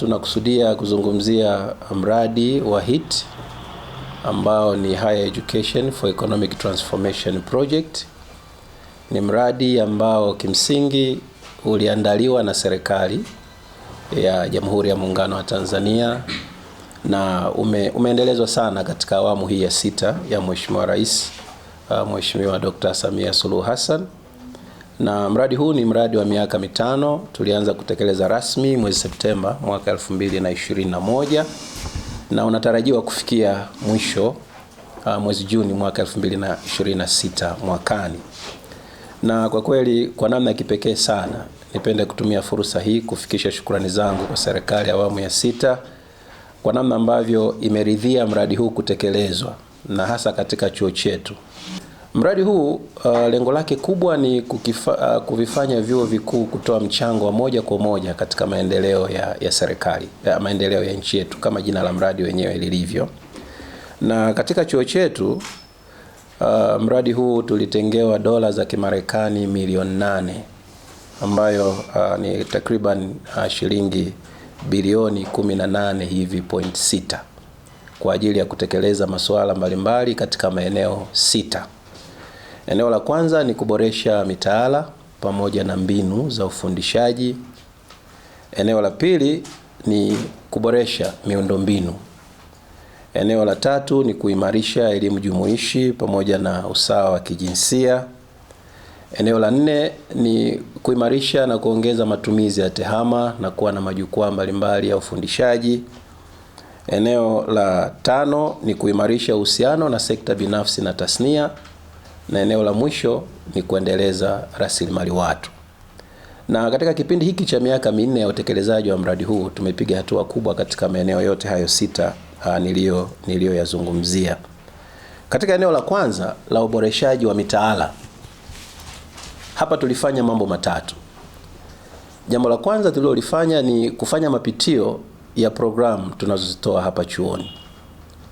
Tunakusudia kuzungumzia mradi wa hit ambao ni Higher Education for Economic Transformation Project. Ni mradi ambao kimsingi uliandaliwa na serikali ya Jamhuri ya Muungano wa Tanzania na ume, umeendelezwa sana katika awamu hii ya sita ya Mheshimiwa Rais uh, Mheshimiwa Dr. Samia Suluhu Hassan na mradi huu ni mradi wa miaka mitano, tulianza kutekeleza rasmi mwezi Septemba mwaka 2021 na unatarajiwa kufikia mwisho uh, mwezi Juni mwaka 2026 mwakani. Na kwa kweli kwa namna ya kipekee sana nipende kutumia fursa hii kufikisha shukrani zangu kwa serikali ya awamu ya sita kwa namna ambavyo imeridhia mradi huu kutekelezwa na hasa katika chuo chetu. Mradi huu uh, lengo lake kubwa ni kukifa, uh, kuvifanya vyuo vikuu kutoa mchango wa moja kwa moja katika maendeleo ya, ya serikali ya maendeleo ya nchi yetu kama jina la mradi wenyewe lilivyo. Na katika chuo chetu uh, mradi huu tulitengewa dola za Kimarekani milioni nane ambayo uh, ni takriban uh, shilingi bilioni 18 hivi point sita kwa ajili ya kutekeleza masuala mbalimbali katika maeneo sita. Eneo la kwanza ni kuboresha mitaala pamoja na mbinu za ufundishaji. Eneo la pili ni kuboresha miundombinu. Eneo la tatu ni kuimarisha elimu jumuishi pamoja na usawa wa kijinsia. Eneo la nne ni kuimarisha na kuongeza matumizi ya tehama na kuwa na majukwaa mbalimbali ya ufundishaji. Eneo la tano ni kuimarisha uhusiano na sekta binafsi na tasnia na eneo la mwisho ni kuendeleza rasilimali watu. Na katika kipindi hiki cha miaka minne ya utekelezaji wa mradi huu tumepiga hatua kubwa katika maeneo yote hayo sita ah, niliyo niliyoyazungumzia. Katika eneo la kwanza la uboreshaji wa mitaala, hapa tulifanya mambo matatu. Jambo la kwanza tulilolifanya ni kufanya mapitio ya programu tunazozitoa hapa chuoni.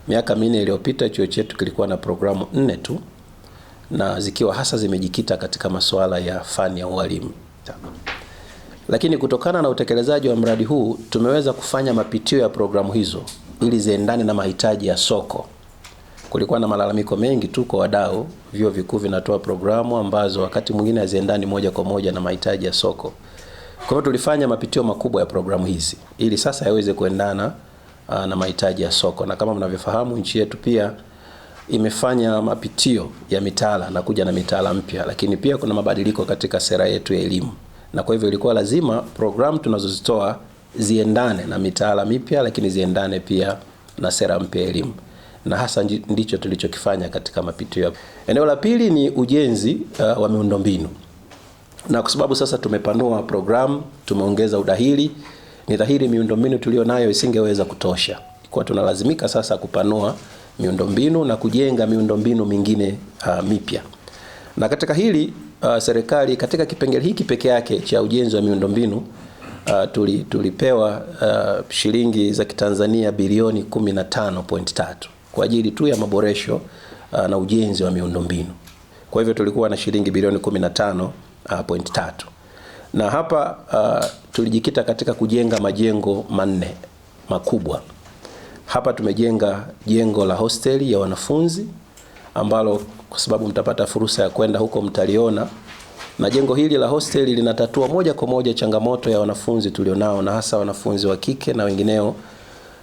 Miaka minne iliyopita chuo chetu kilikuwa na programu nne tu na zikiwa hasa zimejikita katika masuala ya fani ya ualimu. Lakini kutokana na utekelezaji wa mradi huu tumeweza kufanya mapitio ya programu hizo ili ziendane na mahitaji ya soko. Kulikuwa na malalamiko mengi tu kwa wadau, vyuo vikuu vinatoa programu ambazo wakati mwingine haziendani moja kwa moja na mahitaji ya soko. Kwa hiyo tulifanya mapitio makubwa ya programu hizi ili sasa yaweze kuendana ah, na mahitaji ya soko, na kama mnavyofahamu nchi yetu pia imefanya mapitio ya mitaala na kuja na mitaala mpya, lakini pia kuna mabadiliko katika sera yetu ya elimu, na kwa hivyo ilikuwa lazima programu tunazozitoa ziendane na mitaala mipya, lakini ziendane pia na sera mpya ya elimu, na hasa ndicho tulichokifanya katika mapitio. Eneo la pili ni ujenzi uh, wa miundombinu, na kwa sababu sasa tumepanua programu, tumeongeza udahili, ni dhahiri miundombinu tuliyo nayo isingeweza kutosha, kwa tunalazimika sasa kupanua miundombinu na kujenga miundombinu mingine uh, mipya. Na katika hili uh, serikali katika kipengele hiki peke yake cha ujenzi wa miundombinu uh, tuli, tulipewa uh, shilingi za Kitanzania bilioni 15.3 kwa ajili tu ya maboresho uh, na ujenzi wa miundombinu. Kwa hivyo tulikuwa na shilingi bilioni 15.3 uh, na hapa uh, tulijikita katika kujenga majengo manne makubwa hapa tumejenga jengo la hosteli ya wanafunzi ambalo kwa sababu mtapata fursa ya kwenda huko mtaliona, na jengo hili la hosteli linatatua moja kwa moja changamoto ya wanafunzi tulionao, na hasa wanafunzi wa kike na wengineo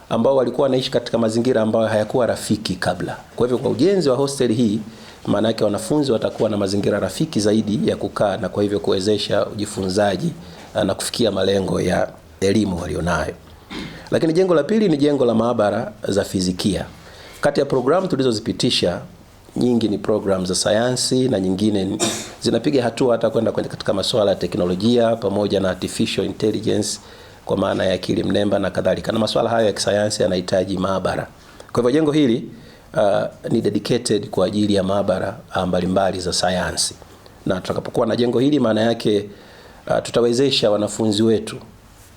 ambao walikuwa wanaishi katika mazingira ambayo hayakuwa rafiki kabla. Kwa hivyo, kwa ujenzi wa hosteli hii, maana yake wanafunzi watakuwa na mazingira rafiki zaidi ya kukaa, na kwa hivyo kuwezesha ujifunzaji eh, na kufikia malengo ya elimu walionayo. Lakini jengo la pili ni jengo la maabara za fizikia. Kati ya programu tulizozipitisha nyingi ni programu za sayansi na nyingine zinapiga hatua hata kwenda kwenye katika masuala ya teknolojia pamoja na artificial intelligence kwa maana ya akili mnemba na kadhalika, na masuala hayo ya kisayansi yanahitaji maabara. Kwa hivyo jengo hili uh, ni dedicated kwa ajili ya maabara uh, mbalimbali za sayansi, na tutakapokuwa na jengo hili maana yake uh, tutawezesha wanafunzi wetu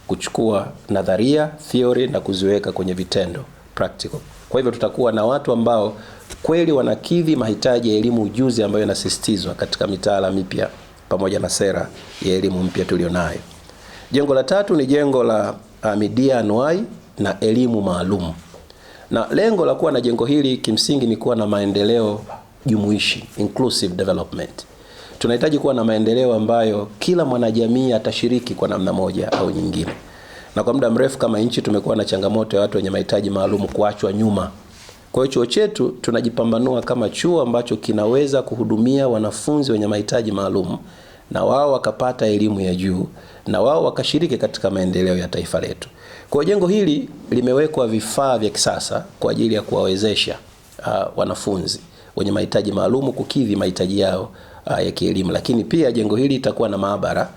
kuchukua nadharia theory na kuziweka kwenye vitendo practical. Kwa hivyo tutakuwa na watu ambao kweli wanakidhi mahitaji ya elimu ujuzi ambayo inasisitizwa katika mitaala mipya pamoja na sera ya elimu mpya tulionayo. Jengo la tatu ni jengo la uh, anuai na elimu maalum, na lengo la kuwa na jengo hili kimsingi ni kuwa na maendeleo jumuishi, inclusive development tunahitaji kuwa na maendeleo ambayo kila mwanajamii atashiriki kwa namna moja au nyingine. Na kwa muda mrefu kama nchi tumekuwa na changamoto ya watu wenye mahitaji maalum kuachwa nyuma. Kwa hiyo chuo chetu tunajipambanua kama chuo ambacho kinaweza kuhudumia wanafunzi wenye mahitaji maalum na wao wakapata elimu ya juu na wao wakashiriki katika maendeleo ya taifa letu. Kwa jengo hili limewekwa vifaa vya kisasa kwa ajili ya kuwawezesha uh, wanafunzi wenye mahitaji maalumu kukidhi mahitaji yao uh, ya kielimu. Lakini pia jengo hili litakuwa na maabara